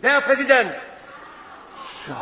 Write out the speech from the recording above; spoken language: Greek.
Herr Präsident! So.